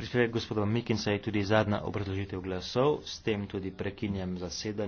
Prispevek gospoda Mikinsa je tudi zadnja obrazložitev glasov, s tem tudi prekinjam zasedanje.